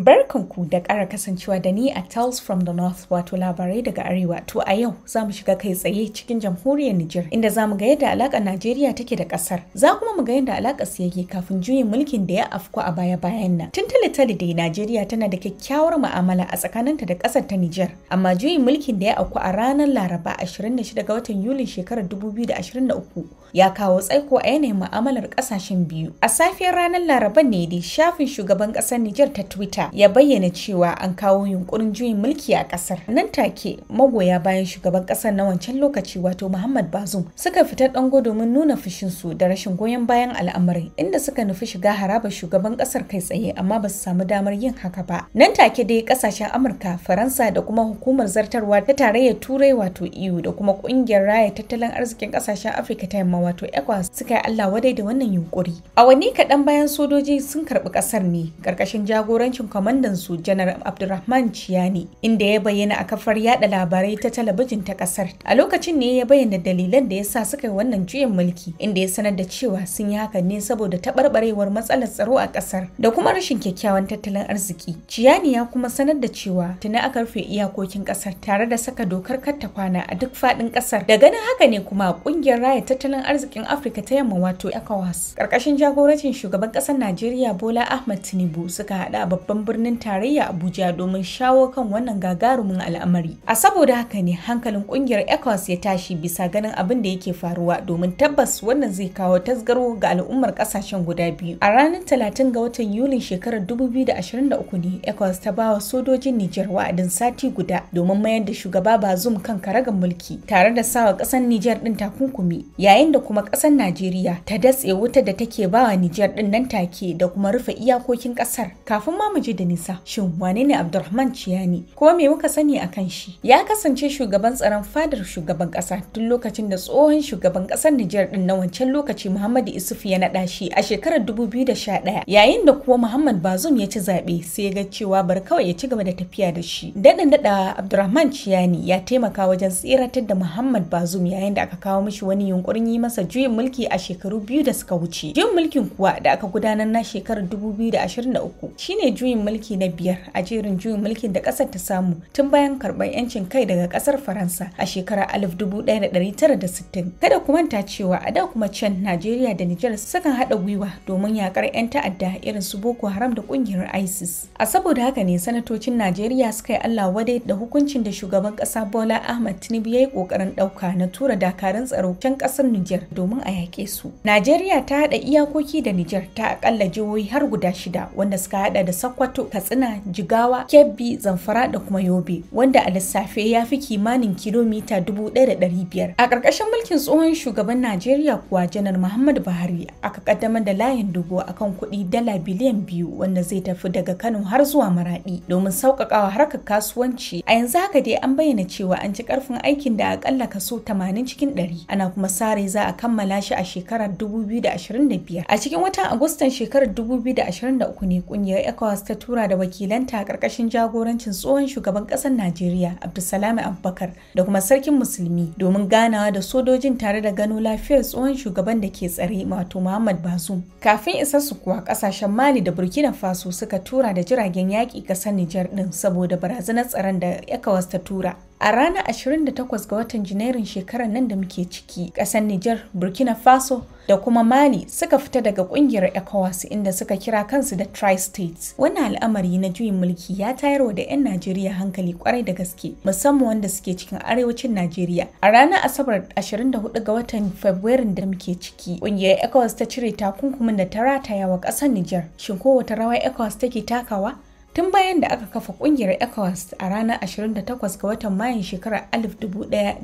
Barkanku da ƙara kasancewa da ni a Tales from the North wato labarai daga Arewa. To a yau za mu shiga kai tsaye cikin jamhuriyar Nijar inda za mu ga yadda alaƙar Najeriya take da ƙasar. Za kuma mu ga yadda alaƙar su yake kafin juyin mulkin da ya afku a baya bayan nan. Tun tale tale dai Najeriya tana da kyakkyawar mu'amala a tsakaninta da ƙasar ta Nijar. Amma juyin mulkin da ya afku a ranar Laraba 26 ga watan Yulin shekarar 2023 ya kawo tsaiko a yanayin mu'amalar ƙasashen biyu. A safiyar ranar Laraban ne dai shafin shugaban ƙasar Nijar ta Twitter ya bayyana cewa an kawo yunkurin juyin mulki a ƙasar. Nan take magoya bayan shugaban ƙasar na wancan lokaci wato Muhammad Bazoum suka fita dango domin nuna fushin su da rashin goyon bayan al'amarin inda suka nufi shiga haraba shugaban ƙasar kai tsaye amma ba su samu damar yin haka ba. Nan take dai ƙasashen Amurka, Faransa da kuma hukumar zartarwa ta tarayyar Turai wato EU da kuma ƙungiyar raya tattalin arzikin ƙasashen Afirka ta yamma wato ECOWAS suka yi Allah wadai da wannan yunkuri. A wani kaɗan bayan sojoji sun karɓi ƙasar ne ƙarƙashin jagorancin kwamandan su janar Abdulrahman Ciyani inda ya bayyana a kafar yada labarai ta talabijin ta kasar. A lokacin ne ya bayyana dalilan da ya sa suka yi wannan juyin mulki inda ya sanar da cewa sun yi hakan ne saboda taɓarɓarewar matsalar tsaro a kasar da kuma rashin kyakkyawan tattalin arziki. Ciyani ya kuma sanar da cewa tuni aka rufe iyakokin kasar tare da saka dokar katta kwana a duk fadin kasar. Da ganin haka ne kuma kungiyar raya tattalin arzikin Afirka ta yamma wato ECOWAS ƙarƙashin jagorancin shugaban ƙasar Najeriya Bola Ahmad Tinubu suka haɗa babban birnin tarayya Abuja domin shawo kan wannan gagarumin al'amari. A saboda haka ne hankalin kungiyar ECOWAS ya tashi bisa ganin abin da yake faruwa domin tabbas wannan zai kawo tasgaro ga al'ummar kasashen guda biyu. A ranar talatin ga watan Yulin shekarar 2023 ne ECOWAS ta bawa sojojin Nijar wa'adin sati guda domin mayar da shugaba Bazoum kan karagar mulki tare da sawa kasar Nijar din takunkumi yayin da kuma kasar Najeriya ta datse wuta da take bawa Nijar din nan take da kuma rufe iyakokin ƙasar. Kafin ma mu je da nisa. Shin wane ne Abdurrahman Ciyani? Ko me muka sani a kan shi? Ya kasance shugaban tsaron fadar shugaban kasa tun lokacin da tsohon shugaban kasar Nijar din na wancan lokaci Muhammadu Isufu ya naɗa shi a shekarar sha 2011. Yayin da kuwa Muhammad Bazum ya ci zaɓe sai ga cewa bar kawai ya ci gaba da tafiya da shi. Daɗin daɗa Abdurrahman Ciyani ya taimaka wajen tsiratar da Muhammad Bazum yayin da aka kawo mishi wani yunkurin yi masa juyin mulki a shekaru biyu da suka wuce. Juyin mulkin kuwa da aka gudanar na shekarar da uku shine juyin mulki na biyar a jerin juyin mulkin da ƙasar ta samu tun bayan karɓar 'yancin kai daga ƙasar Faransa a shekarar 1960. Kada ku manta cewa a da kuma can Najeriya da Nijar sukan haɗa gwiwa domin yakar 'yan ta'adda irin su Boko Haram da ƙungiyar ISIS. A saboda haka ne sanatocin Najeriya suka yi Allah wadai da hukuncin da shugaban ƙasa Bola Ahmad Tinubu ya yi ƙoƙarin ɗauka na tura dakarun tsaro can ƙasar Nijar domin a yaƙe su. Najeriya ta haɗa iyakoki da Nijar ta aƙalla jihohi har guda shida wanda suka haɗa da Sakwa Sokoto, Katsina, Jigawa, Kebbi, Zamfara da kuma Yobe, wanda a lissafe ya fi kimanin kilomita 1,500. A ƙarƙashin mulkin tsohon shugaban Najeriya kuwa Janar Muhammadu Buhari aka kaddamar da layin dubu akan kuɗi dala biliyan biyu wanda zai tafi daga Kano har zuwa Maradi, domin sauƙaƙawa harkar kasuwanci. A yanzu haka dai an bayyana cewa an ci ƙarfin aikin da aƙalla kaso 80 cikin 100. Ana kuma sare za a kammala shi a shekarar 2025. A cikin watan Agustan shekarar 2023 ne ƙungiyar ECOWAS ta tura da wakilanta a ƙarƙashin jagorancin tsohon shugaban ƙasar Najeriya Abdulsalami Abubakar da kuma sarkin musulmi domin ganawa da sojojin tare da gano lafiyar tsohon shugaban da ke tsare wato Muhammad Bazoum. Kafin isa su kuwa ƙasashen Mali da Burkina Faso suka tura da jiragen yaƙi ƙasar Nijar ɗin saboda barazanar tsaron da ECOWAS ta tura. A ranar 28 ga watan Janairun shekarar nan da muke ciki, ƙasar Nijar, Burkina Faso, da kuma Mali suka fita daga kungiyar ECOWAS inda suka kira kansu da tri-states. wani al'amari na juyin mulki ya tayarwa da 'yan Najeriya hankali kwarai da gaske, musamman wanda suke cikin arewacin Najeriya. A ranar Asabar 24 ga watan Fabrairun da muke ciki, kungiyar ECOWAS ta cire takunkumin da ta rataya wa ƙasar Nijar. Shin ko wata rawa ECOWAS take takawa? tun bayan da aka kafa kungiyar ecowas a ranar 28 ga watan mayun shekarar 1975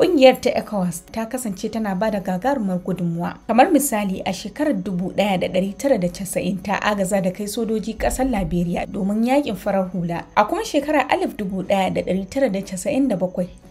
kungiyar ta ecowas ta kasance tana ba da gagarumar gudunmuwa kamar misali a shekarar 1990 ta agaza da kai sojoji kasar liberia domin yakin farar hula a kuma shekarar 1997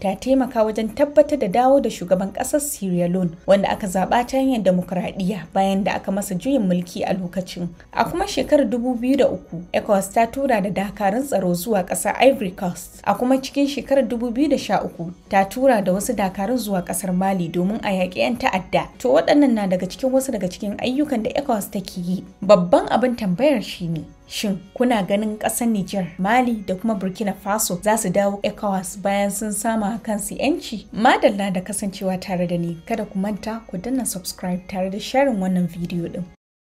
ta taimaka wajen tabbatar da dawo da shugaban ƙasar sierra leone wanda aka zaba ta hanyar demokuraɗiyya bayan da aka masa juyin mulki a lokacin a kuma shekarar 2000 2003 ECOWAS ta tura da dakarun tsaro zuwa ƙasar Ivory Coast a kuma cikin shekarar 2013 ta tura da wasu dakarun zuwa ƙasar Mali domin a yaƙi 'yan ta'adda. To waɗannan na daga cikin wasu daga cikin ayyukan da ECOWAS take yi. Babban abin tambayar shine Shin kuna ganin ƙasar niger Mali da kuma Burkina Faso za su dawo ECOWAS bayan sun sama kansu 'yanci? Madalla da kasancewa tare da ni, kada ku manta ku danna subscribe tare da sharing wannan video ɗin.